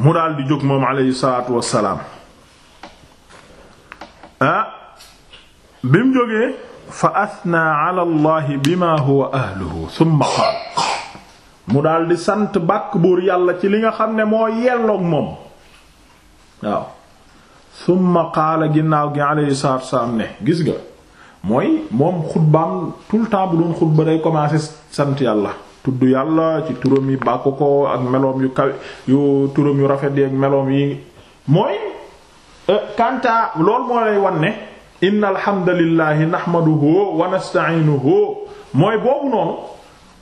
mu daal di jóg moom aleyhi salaatu wassalaam ah bi mu jógee fa asnaa ala allahi bima huwa ahluhu mu daal di sant bàkk buur yàlla ci li nga xam ne moo yelloog moom waaw summa qaala ginnaaw gi aleyhi salaatu wassalaam ne gis nga mooy moom xutbaam tout le temps bu doon xutba day commencer sant yàlla tudd yàlla ci turom yi bàkk ko ak meloom yu kaw yu turam yu rafet yi ak meloom yi mooy euh, kanta lool moo lay wan ne inna alhamdulillahi nahmaduhu wa nasta'inuhu mooy boobu noonu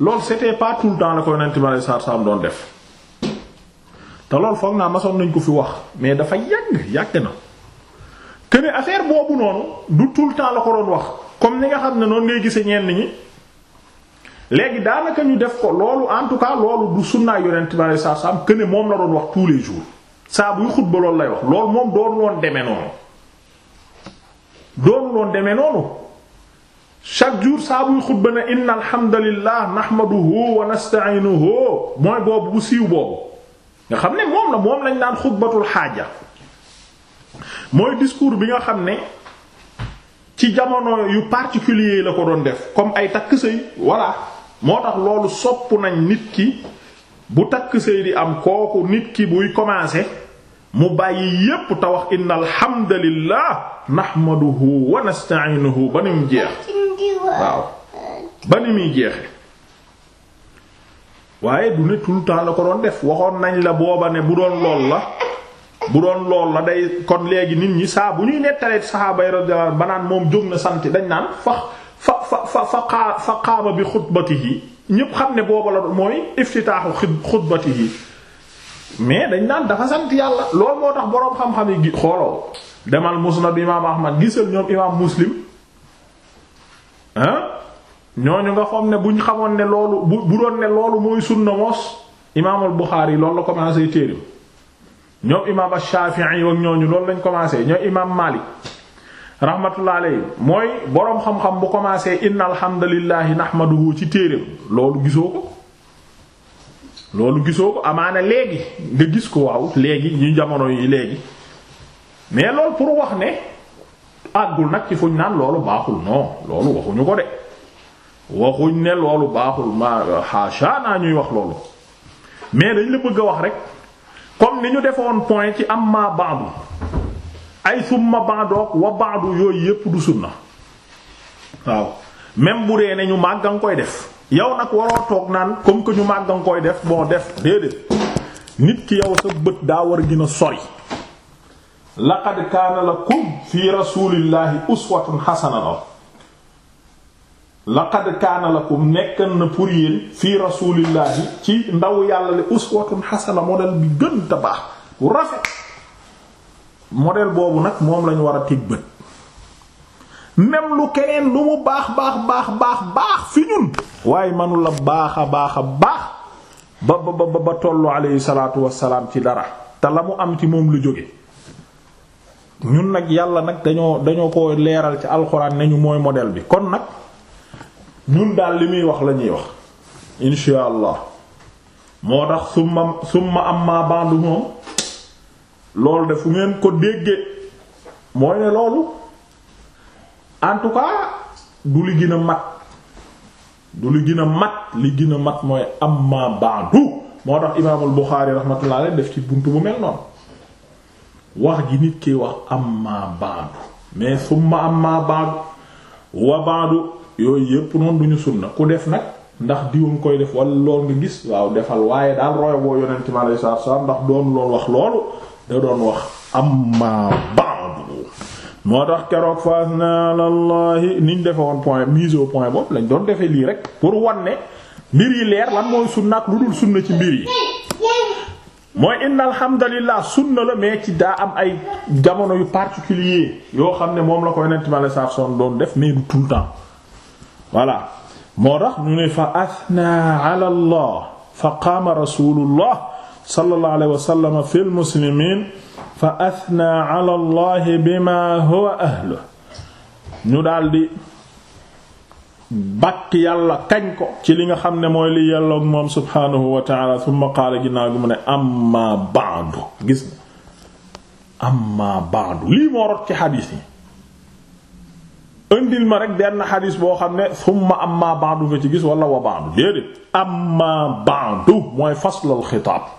loolu c'était pas tout le temps la ko yonent ma lay saar doon def te loolu foog naa masoon nañ ko fi wax mais dafa yàgg yàgg na que ne boobu noonu du tout le temps la ko doon wax comme ni nga xam ne noonu ngay gise ñenn ñi léegi daanaka ñu def ko loolu en tout cas loolu du sunnaay yonent bi alayhi salaatu salaam këne moom la doon wax tous les jours saa buy xutba loolu lay wax loolu moom doonu loon demee noonu doonu loon demee noonu chaque jour saa buy xutba ne inna alhamdulillah nahmaduhu wa nasta'inuhu mooy boobu bu siiw boobu nga xam ne moom la moom lañ naan xutbatul xaaja mooy discours bi nga xam ne ci jamono yu particulier la ko doon def comme ay takk sëy voilà moo tax loolu sopp nañ nit ki bu takk sëy di am kooku nit ki buy commencer mu bàyyi yépp te wax inna alhamdulillah nahmaduhu wa nasta'inuhu ba ni mu jeex waaw ba ni muy jeexe waaye du ne tout la ko doon def waxoon nañ la booba ne bu doon lool la bu doon lool la day kon léegi nit ñi saa bu ñuy nettalee saxaaba yi radiyallahu banaan moom jóg na sant dañ naan fax fa fa qaama bi xutbatihi ñépp xam ne boobu la mooy iftitaaxu xutbatihi mais dañ naan dafa sant yàlla loolu moo tax boroom xam-xam yi xooloo demal musnad imaam ahmad gisal ñoom imaam muslim ah ñooñu nga xam ne bu ñu xamoon ne loolu bu doon ne loolu mooy sunna moos imaamul yi loolu la commencé téerim ñoom imaam ash-shafi'i ak ñooñu loolu lañ commencé ñooy imaam maalik rahmatullah mooy boroom xam-xam bu commencé inna alhamdulillahi nahmaduhu ci téereem loolu gisoo ko loolu gisoo ko amaana léegi nga gis ko waaw léegi ñu jamono yi léegi mais loolu pour wax ne àggul nag ci fuñ naan loolu baaxul non loolu waxuñu ko de waxuñ ne loolu baaxul ma xaasha naa ñuy wax loolu mais dañ la bëgg a wax rek comme ni ñu defoon point ci am ma baabu ay summa ba'dook wa ba'du yooyu yépp du sunna waaw même bu dee ne ñu màgg nga koy def yow nag waroo toog naan comme que ñu màgg nga koy def boo def déedéet nit ki yow sa bët daa war a gën a sori laqad kaana lakum fi rasulillahi uswatun xasana la laqad kaana lakum nekk na pour yéen fii rasulillahi ci ndaw yàlla li uswatun xasana modèle bi gën te bu rafet modèle boobu nag moom lañu war a teg bët même lu keneen lu mu baax baax baax baax baax fi ñun waaye manu la baax a baax a baax ba ba ba ba tollu alayhi salaatu wassalaam ci dara te la mu am ci moom lu jóge ñun nag yàlla nag dañoo dañoo ko leeral ci alxuraan nañu mooy modèle bi kon nag ñun daal li muy wax la ñuy wax insha moo tax summa summa amma ba'du moom loolu de fu ngeen ko déggee mooy ne loolu en tout cas du li gën a mat du li gën a mat li gën a mat mooy amma ba'du moo tax imaamul Buxaari rahmatullahi def ci buntu bu mel noonu wax ji nit ki wax amma ba'du mais summa ma ba'du wa ba'du yooyu yépp noonu duñu sunna ku def nag ndax diwam koy def wala lool nga gis waaw defal waaye daal royo boo yonent mi alayhi salaatu ndax doon loolu wax loolu da doon wax amma ba'du moo tax keroog fa asna ala Allahi niñ defe woon point mise au point boobu lañ doon defee lii rek pour wanne mbir yi leer lan mooy sunna ak lu dul sunna ci mbir yi mooy inna alhamdulillah sunna la mais ci daa am ay jamono yu particulier yoo xam ne moom la koy nent ma la sarson doon def mais du tout temps voilà moo tax ñu ne fa asna ala fa qaama rasulullah sallallahu alayhi wa sallam fi lmuslimiin fa athnaa ala allahi bima huwa ahlu ñu daldi bàkk yàlla kañ ko ci li nga xam ne mooy li yàlla moom subhaanahu wa taala thumma qaala ginnaaw gi mu ne amma ba'du gis na amma ba'du lii moo rot ci xadiis yi indil ma rek benn xadis boo xam ne summa amma ba'du nga ci gis wala wa ba'du déedéet amma ba'du mooy faslul xitaab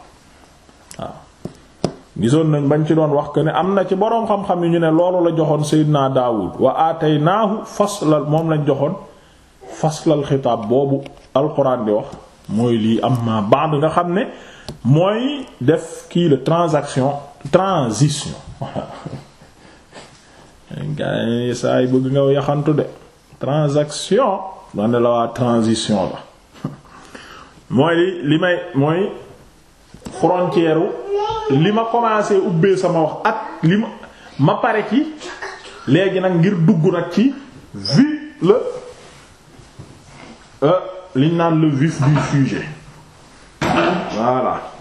gisoon nañ bañ ci doon wax que ne am na ci boroom xam-xam yi ñu ne loolu la joxoon Seydina Daawud wa ataynaahu faslal moom lañ joxoon faslal xitaab boobu alxuraan di wax mooy lii amma ba'd nga xam ne mooy def kii la transaction transition waaw saa yi bëgg nga yaxantu de transaction man la waa transition la mooy li may mooy frontière li ma commencé ubbee sama wax ak li ma ma pare ci léegi nag ngir dugg nag ci vif le euh, liñ naan le vif du sujet voilà